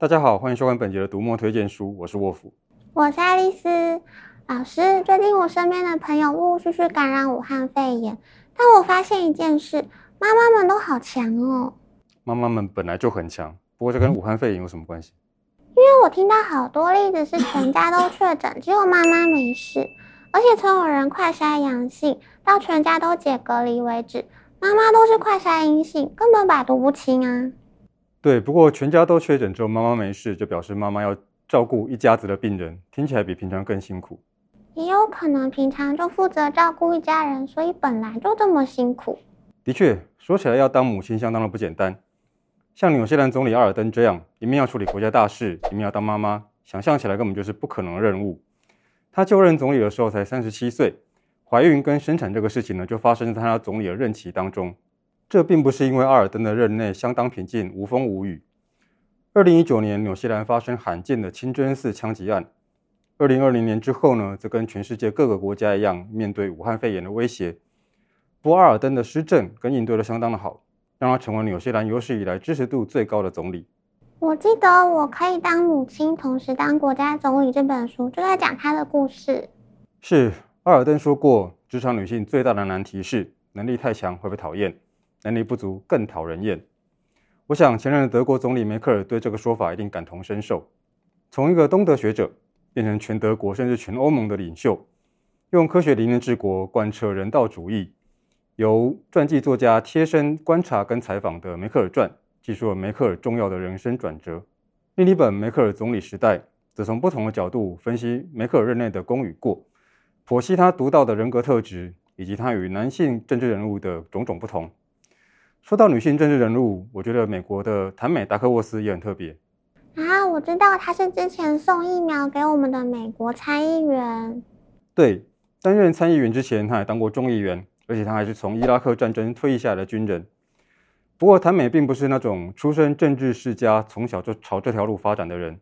大家好，歡迎收看本節的讀墨推薦書，我是沃夫，我是愛麗絲老師。最近我身邊的朋友陸陸續續感染武漢肺炎，但我發現一件事，媽媽們都好強哦。媽媽們本來就很強，不過這跟武漢肺炎有什麼關係？因為我聽到好多例子是全家都確診，只有媽媽沒事，而且從有人快篩陽性到全家都解隔離為止，媽媽都是快篩陰性，根本百毒不侵啊。對，不過全家都確診之後，只有媽媽沒事，就表示媽媽要照顧一家子的病人，聽起來比平常更辛苦。也有可能平常就負責照顧一家人，所以本來就這麼辛苦。的確，說起來要當母親相當的不簡單。像紐西蘭總理阿爾登這樣，一面要處理國家大事，一面要當媽媽，想象起來根本就是不可能的任務。他就任總理的時候才三十七歲，懷孕跟生產這個事情呢，就發生在他總理的任期當中。這並不是因為阿爾登的任內相當平靜，無風無雨。二零一九年，紐西蘭發生罕見的清真寺槍擊案；二零二零年之後呢，則跟全世界各個國家一樣，面對武漢肺炎的威脅。不過，阿爾登的施政跟應對都相當的好，讓他成為紐西蘭有史以來支持度最高的總理。我記得《我可以當母親，同時當國家總理》這本書就在講他的故事。是，阿爾登說過，職場女性最大的難題是能力太強會被討厭。能力不足更討人厭。我想前任的德國總理梅克爾對這個說法一定感同身受。從一個東德學者變成全德國甚至全歐盟的領袖，用科學理念治國，貫徹人道主義。由傳記作家貼身觀察跟採訪的《梅克爾傳》，記述了梅克爾重要的人生轉折。另一本《梅克爾總理時代》，則從不同的角度分析梅克爾任內的功與過，剖析他獨到的人格特質，以及他與男性政治人物的種種不同。說到女性政治人物，我覺得美國的坦美·達克沃絲也很特別啊！我知道他是之前送疫苗給我們的美國參議員。對，擔任參議員之前，他還當過眾議員，而且他還是從伊拉克戰爭退役下來的軍人。不過，坦美並不是那種出身政治世家、從小就朝這條路發展的人。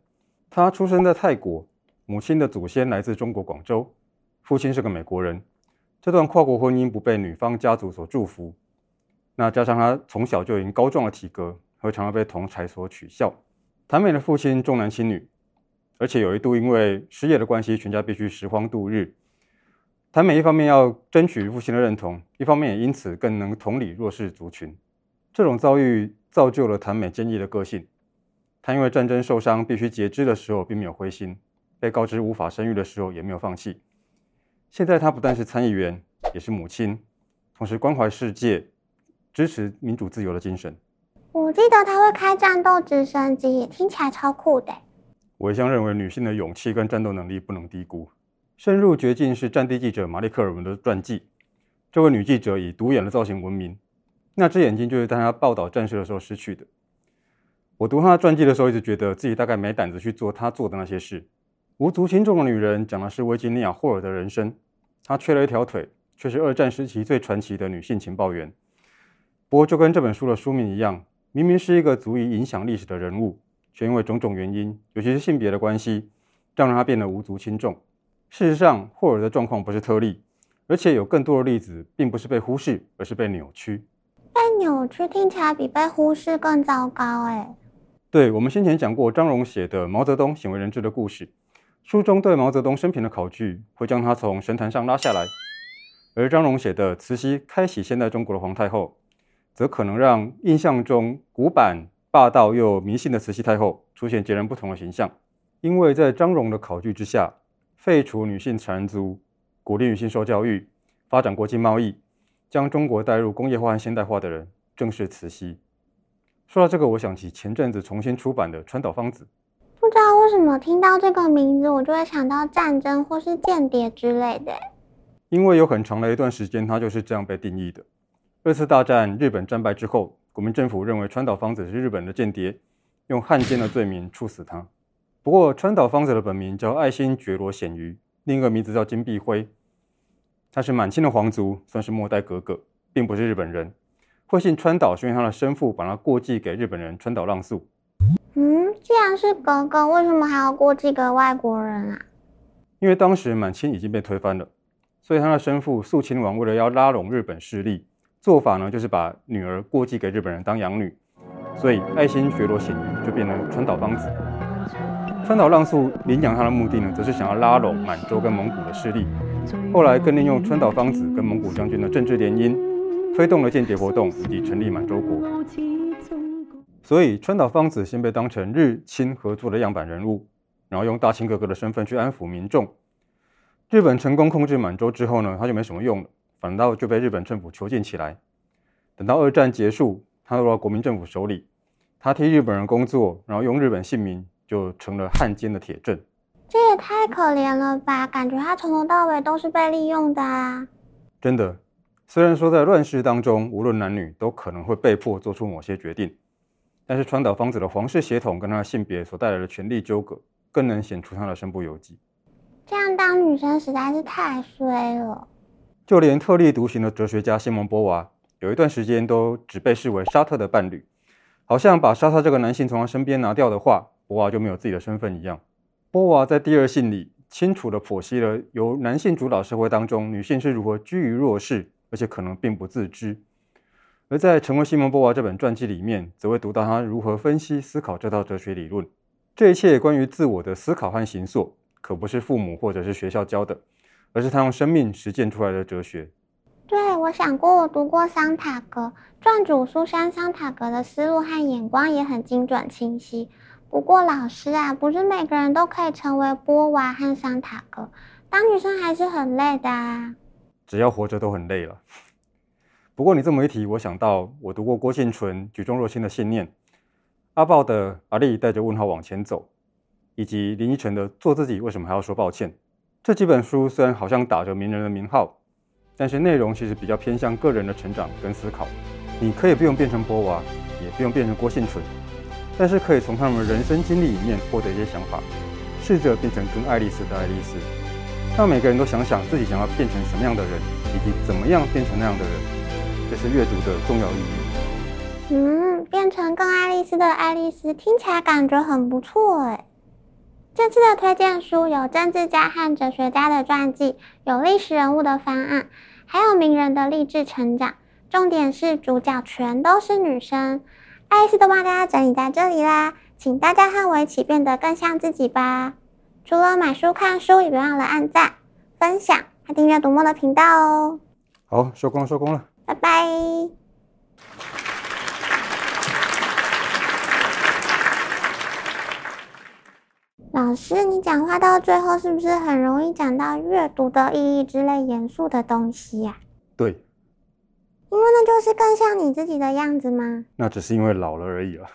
他出生在泰國，母親的祖先來自中國廣州，父親是個美國人。這段跨國婚姻不被女方家族所祝福。那加上她從小就已經高壯的體格，會常常被同儕所取笑。譚美的父親重男輕女，而且有一度因為失業的關係，全家必須拾荒度日。譚美一方面要爭取父親的認同，一方面也因此更能同理弱勢族群。這種遭遇造就了譚美堅毅的個性。她因為戰爭受傷必須截肢的時候，並沒有灰心；被告知無法生育的時候，也沒有放棄。現在她不但是參議員，也是母親，同時關懷世界。支持民主自由的精神。我記得她會開戰鬥直升機，聽起來超酷的。我一向認為女性的勇氣跟戰鬥能力不能低估。深入絕境是戰地記者瑪麗·柯爾文的傳記。這位女記者以獨眼的造型聞名，那只眼睛就是在她報道戰事的時候失去的。我讀她的傳記的時候，一直覺得自己大概沒膽子去做她做的那些事。無足輕重的女人講的是維吉尼亞·霍爾的人生。她缺了一條腿，卻是二戰時期最傳奇的女性情報員。不過就跟這本書的書名一樣，明明是一個足以影響歷史的人物，卻因為種種原因，尤其是性別的關係，讓讓他變得無足輕重。事實上，霍爾的狀況不是特例，而且有更多的例子，並不是被忽視，而是被扭曲。被扭曲聽起來比被忽視更糟糕哎。對，我們先前講過張戎寫的《毛澤東鮮為人知的故事》，書中對毛澤東生平的考據會將他從神壇上拉下來，而張戎寫的《慈禧開啟現代中國的皇太后》。則可能讓印象中古板、霸道又迷信的慈禧太后出現截然不同的形象，因為在張戎的考據之下，廢除女性纏足、鼓勵女性受教育、發展國際貿易、將中國帶入工業化和現代化的人，正是慈禧。說到這個，我想起前陣子重新出版的川島芳子。不知道為什麼聽到這個名字，我就會想到戰爭或是間諜之類的。因為有很長的一段時間，她就是這樣被定義的。二次大戰日本戰敗之後，國民政府認為川島芳子是日本的間諜，用漢奸的罪名處死他。不過，川島芳子的本名叫愛新覺羅顯瑜，另一個名字叫金碧輝，他是滿清的皇族，算是末代格格，並不是日本人。會姓川島是因為他的生父把他過繼給日本人川島浪速。嗯，既然是格格，為什麼還要過繼給外國人啊？因為當時滿清已經被推翻了，所以他的生父肅親王為了要拉攏日本勢力，做法呢，就是把女兒過繼給日本人當養女，所以愛新覺羅顯玉就變成川島芳子。川島浪速領養她的目的呢，則是想要拉攏滿洲跟蒙古的勢力，後來更利用川島芳子跟蒙古將軍的政治聯姻，推動了間諜活動以及成立滿洲國。所以川島芳子先被當成日清合作的樣板人物，然後用大清格格的身份去安撫民眾。日本成功控制滿洲之後呢，他就沒什麼用了。反倒，就被日本政府囚禁起來。等到二戰結束，他落到國民政府手裡，他替日本人工作，然後用日本姓名，就成了漢奸的鐵證。這也太可憐了吧？感覺他從頭到尾都是被利用的啊。真的，雖然說在亂世當中，無論男女都可能會被迫做出某些決定，但是川島芳子的皇室血統跟她的性別所帶來的權力糾葛，更能顯出她的身不由己。這樣當女生實在是太衰了。就連特立獨行的哲學家西蒙·波娃，有一段時間都只被視為沙特的伴侶，好像把沙特這個男性從他身邊拿掉的話，波娃就沒有自己的身份一樣。波娃在《第二性》裡清楚地剖析了由男性主導社會當中，女性是如何居於弱勢，而且可能並不自知。而在《成為西蒙·波娃》這本傳記裡面，則會讀到他如何分析思考這套哲學理論。這一切關於自我的思考和形塑，可不是父母或者是學校教的。而是他用生命實踐出來的哲學。對，我想過，我讀過桑塔格傳主蘇珊·桑塔格的思路和眼光也很精準清晰。不過老師啊，不是每個人都可以成為波娃和桑塔格，當女生還是很累的啊。只要活着都很累了。不過你這麼一提，我想到我讀過郭婞淳《舉重若輕的信念》，阿爆的阿力帶着問號往前走，以及林依晨的做自己為什麼還要說抱歉。這幾本書雖然好像打着名人的名號，但是內容其實比較偏向個人的成長跟思考。你可以不用變成波娃，也不用變成郭婞淳，但是可以從他們的人生經歷裡面獲得一些想法，試着變成更愛麗絲的愛麗絲，讓每個人都想想自己想要變成什麼樣的人，以及怎麼樣變成那樣的人，這是閱讀的重要意義。嗯，變成更愛麗絲的愛麗絲聽起來感覺很不錯哎。這次的推薦書有政治家和哲學家的傳記，有歷史人物的方案，還有名人的勵志成長。重點是主角全都是女生，愛麗絲都幫大家整理在這裡啦，請大家和我一起變得更像自己吧。除了買書、看書，也別忘了按讚、分享還訂閱“讀墨”的頻道哦。好，收工，收工了，工了，拜拜。老師，你講話到最後是不是很容易講到閱讀的意義之類嚴肅的東西呀？對，因為那就是更像你自己的樣子嗎？那只是因為老了而已了。